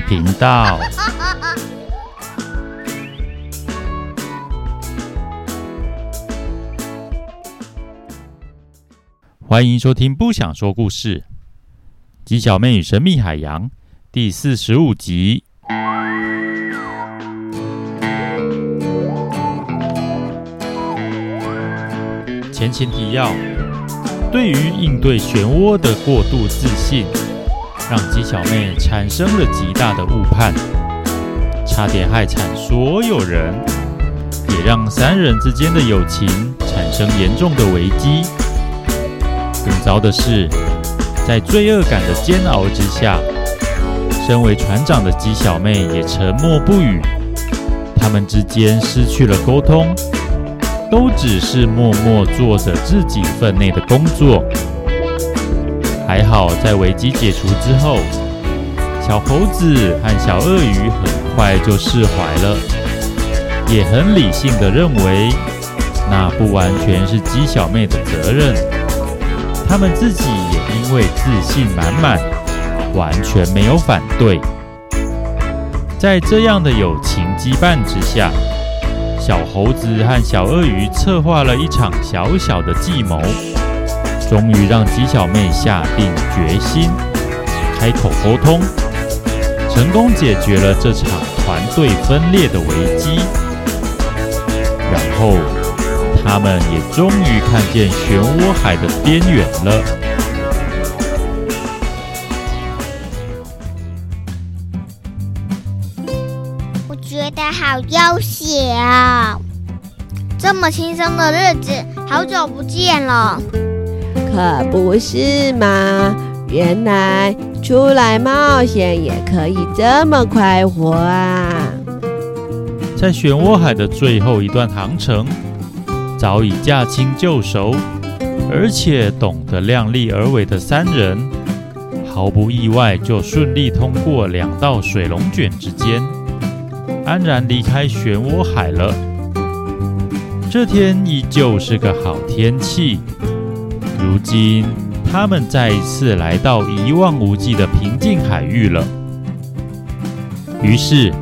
頻道，歡迎收聽《不想說故事》雞小妹與神秘海洋第四十五集。前情提要：對於應對漩渦的過度自信。讓雞小妹產生了極大的誤判，差點害慘所有人，也讓三人之間的友情產生嚴重的危機。更糟的是，在罪惡感的煎熬之下，身為船長的雞小妹也沉默不語，他們之間失去了溝通，都只是默默做着自己份內的工作。還好，在危機解除之後，小猴子和小鱷魚很快就釋懷了，也很理性的認為，那不完全是雞小妹的責任。他們自己也因為自信滿滿，完全沒有反對。在這樣的友情羈絆之下，小猴子和小鱷魚策劃了一場小小的計謀。終於讓雞小妹下定決心開口溝通，成功解決了這場團隊分裂的危機。然後，他們也終於看見漩渦海的邊緣了。我覺得好悠閒啊，這麼輕鬆的日子好久不見了。可不是嘛！原來出來冒險也可以這麼快活啊！在漩渦海的最後一段航程，早已駕輕就熟，而且懂得量力而為的三人，毫不意外就順利通過兩道水龍卷之間，安然離開漩渦海了。這天依舊是個好天氣。如今，他們再一次來到一望無際的平靜海域了。於是，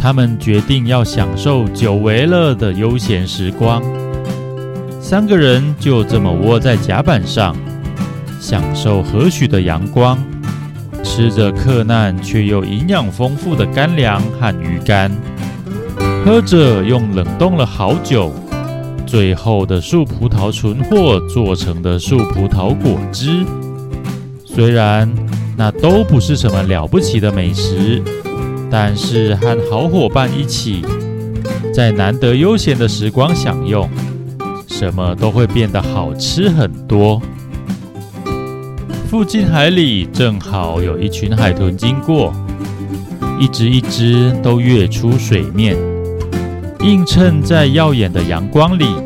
他們決定要享受久違了的悠閒時光。三個人就這麼窩在甲板上，享受和煦的陽光，吃着克難卻又營養豐富的乾糧和魚乾，喝着用冷凍了好久。最後的樹葡萄存貨做成的樹葡萄果汁，雖然那都不是什麼了不起的美食，但是和好夥伴一起，在難得悠閒的時光享用，什麼都會變得好吃很多。附近海裡正好有一群海豚經過，一隻一隻都躍出水面。映襯在耀眼的陽光裡，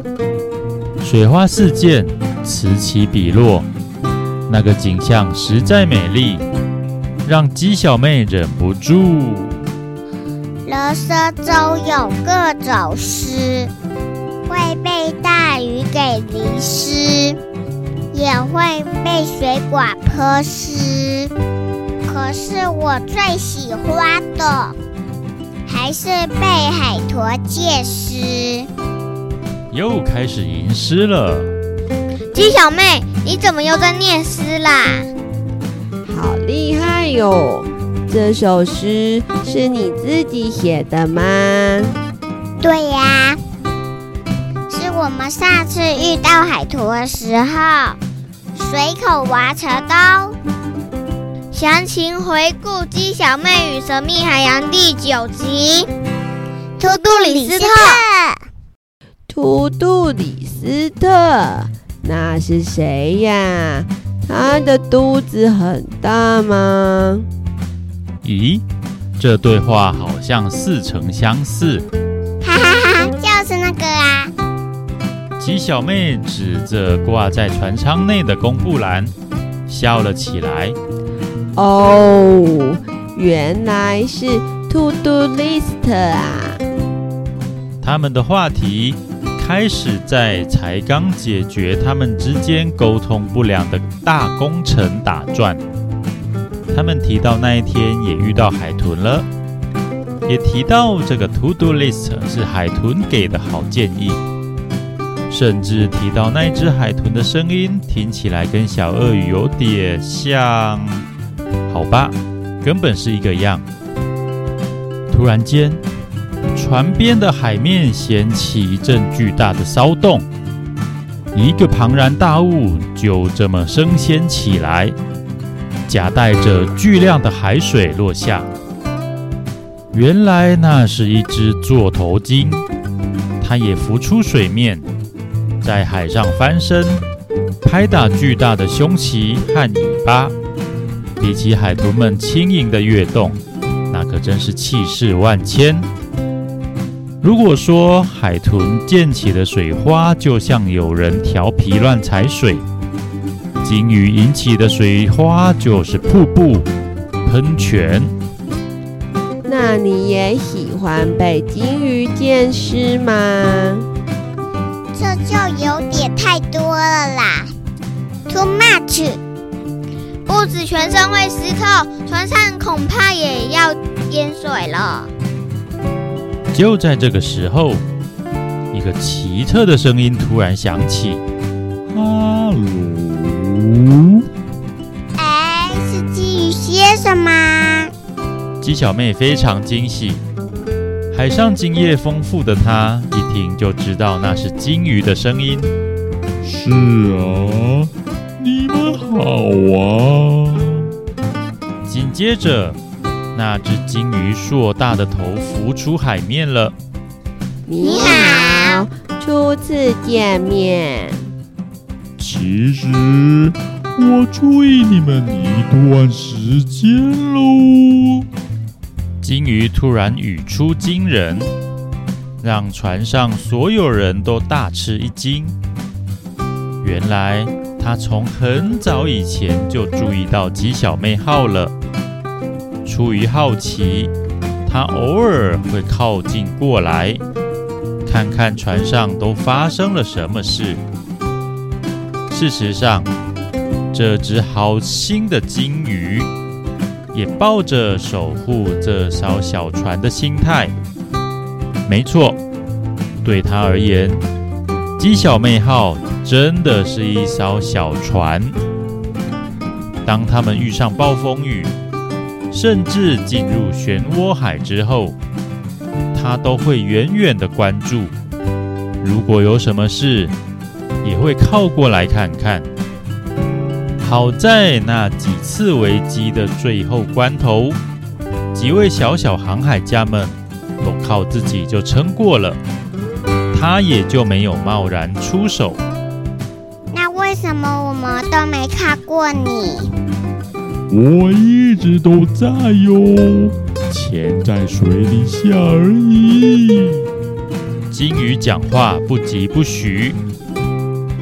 水花四濺，此起彼落，那個景象，實在美麗，讓雞小妹忍不住。人生中有各種濕，會被大雨給淋濕，也會被水管潑濕，可是我最喜歡的。還是被海豚借詩，又開始吟詩了。雞小妹，你怎麼又在念詩啦？好厲害喲、哦！這首詩是你自己寫的嗎？對呀、啊，是我們上次遇到海豚的時候隨口完成的詳情回顧《雞小妹與神秘海洋》第九集。圖杜里斯特，圖杜里斯特，那是誰呀？他的肚子很大嗎？咦，這對話好像似曾相似。哈哈哈哈，就是那個啊！雞小妹指着掛在船艙內的公布欄，笑了起來。哦，oh，原來是 to do list 啊！他們的話題開始在才剛解決他們之間溝通不良的大工程打轉。他們提到那一天也遇到海豚了，也提到這個 to do list 是海豚給的好建議，甚至提到那只海豚的聲音聽起來跟小鱷魚有點像。好吧，根本是一個樣。突然間，船邊的海面掀起一陣巨大的騷動，一個龐然大物就這麼升掀起來，夾帶着巨量的海水落下。原來那是一隻座頭鯨，它也浮出水面，在海上翻身，拍打巨大的胸鰭和尾巴。比起海豚們輕盈的躍動，那可真是氣勢萬千。如果說海豚濺起的水花就像有人調皮亂踩水，鯨魚引起的水花就是瀑布、噴泉。那你也喜歡被鯨魚濺濕嗎？這就有點太多了啦，Too much。不止全身會濕透，船上恐怕也要淹水了。就在這個時候，一個奇特的聲音突然響起：“哈嘍！”哎、欸，是金魚先生嗎？雞小妹非常驚喜，海上經驗豐富的她一聽就知道那是金魚的聲音。嗯、是啊、哦。你們好啊！緊接着，那只鯨魚碩大的頭浮出海面了。你好，初次見面。其實，我注意你們一段時間嘍。鯨魚突然語出驚人，讓船上所有人都大吃一驚。原來，他從很早以前就注意到雞小妹號了。出於好奇，他偶爾會靠近過來，看看船上都發生了什麼事。事實上，這只好心的鯨魚也抱着守護這艘小船的心態。沒錯，對他而言。雞小妹號真的是一艘小船，當他們遇上暴風雨，甚至進入漩渦海之後，他都會遠遠的關注。如果有什麼事，也會靠過來看看。好在那幾次危機的最後關頭，幾位小小航海家們都靠自己就撐過了。他也就沒有貿然出手。那為什麼我們都沒看過你？我一直都在喲，潛在水底下而已。鯨魚講話不疾不徐，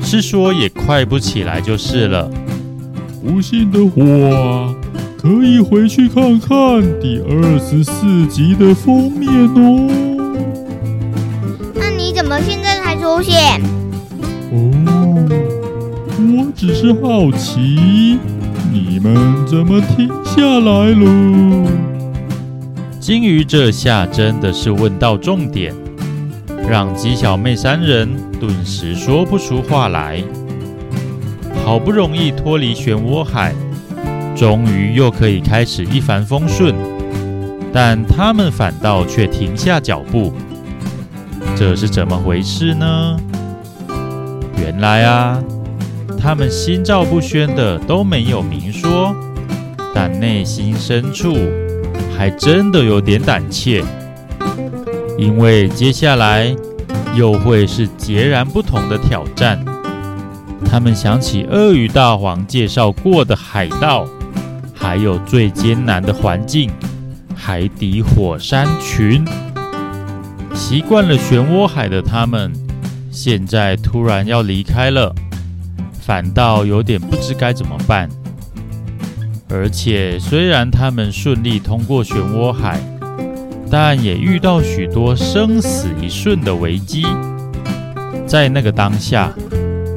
是說也快不起來就是了。不信的話，可以回去看看第二十四集的封面哦。出現哦，我只是好奇，你們怎麼停下來了？鯨魚這下真的是問到重點，讓雞小妹三人頓時說不出話來。好不容易脫離漩渦海，終於又可以開始一帆風順，但他們反倒卻停下腳步。這是怎麼回事呢？原來啊，他們心照不宣的都沒有明說，但內心深處還真的有點膽怯，因為接下來又會是截然不同的挑戰。他們想起鱷魚大黃介紹過的海盜，還有最艱難的環境——海底火山群。習慣了漩渦海的他們，現在突然要離開了，反倒有點不知該怎麼辦。而且，雖然他們順利通過漩渦海，但也遇到許多生死一瞬的危機。在那個當下，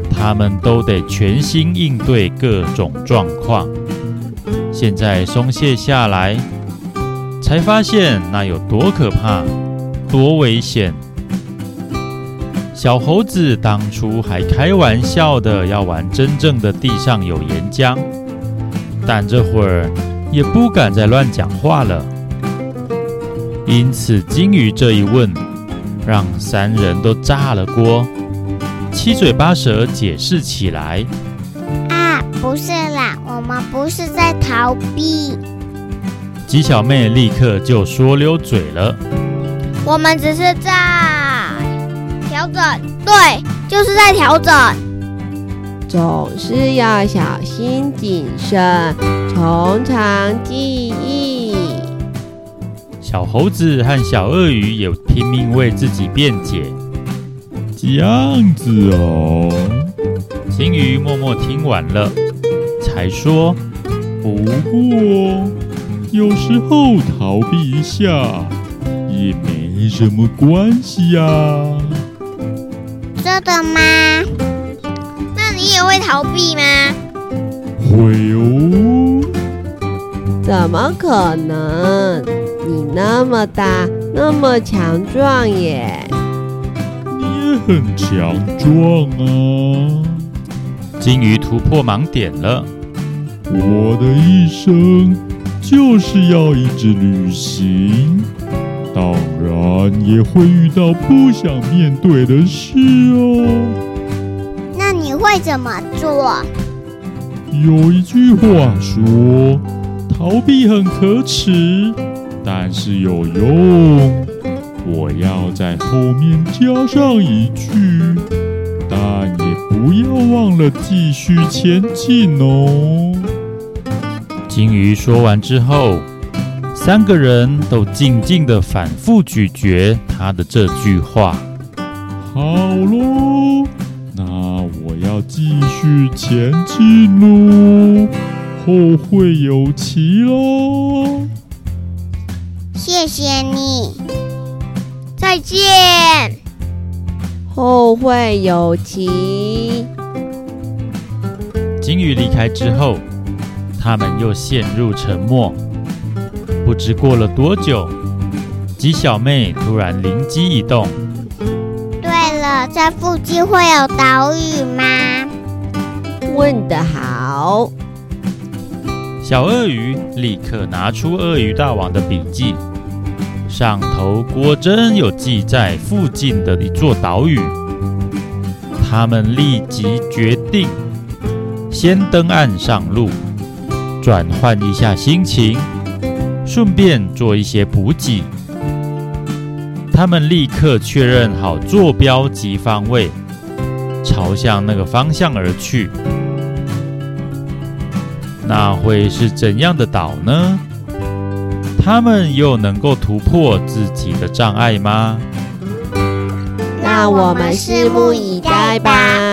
他們都得全心應對各種狀況。現在鬆懈下來，才發現那有多可怕。多危險！小猴子當初還開玩笑的要玩真正的地上有岩漿，但這會兒也不敢再亂講話了。因此，鯨魚這一問，讓三人都炸了鍋，七嘴八舌解釋起來。啊，不是啦，我們不是在逃避。雞小妹立刻就說溜嘴了。我們只是在調整，對，就是在調整。總是要小心謹慎，從長計議。小猴子和小鱷魚也拼命為自己辯解，這樣子哦。鯨魚默默聽完了，才說：“不過，有時候逃避一下也沒”沒什麼關係呀、啊。真的嗎？那你也會逃避嗎？會哦喲。怎麼可能？你那麼大，那麼強壯耶。你也很強壯啊。鯨魚突破盲點了。我的一生就是要一直旅行。當然也會遇到不想面對的事哦。那你會怎麼做？有一句話說，逃避很可恥，但是有用。我要在後面加上一句，但也不要忘了繼續前進哦。鯨魚說完之後。三個人都靜靜的反覆咀嚼他的這句話。好咯，那我要繼續前進嘍，後會有期嘍。謝謝你，再見。後會有期。鯨魚離開之後，他們又陷入沉默。不知過了多久，雞小妹突然靈機一動：“對了，在附近會有島嶼嗎？”問得好！小鱷魚立刻拿出鱷魚大王的筆記，上頭果真有記載附近的一座島嶼。他們立即決定先登岸上路，轉換一下心情。順便做一些補給，他們立刻確認好坐標及方位，朝向那個方向而去。那會是怎樣的島呢？他們又能夠突破自己的障礙嗎？那我們拭目以待吧。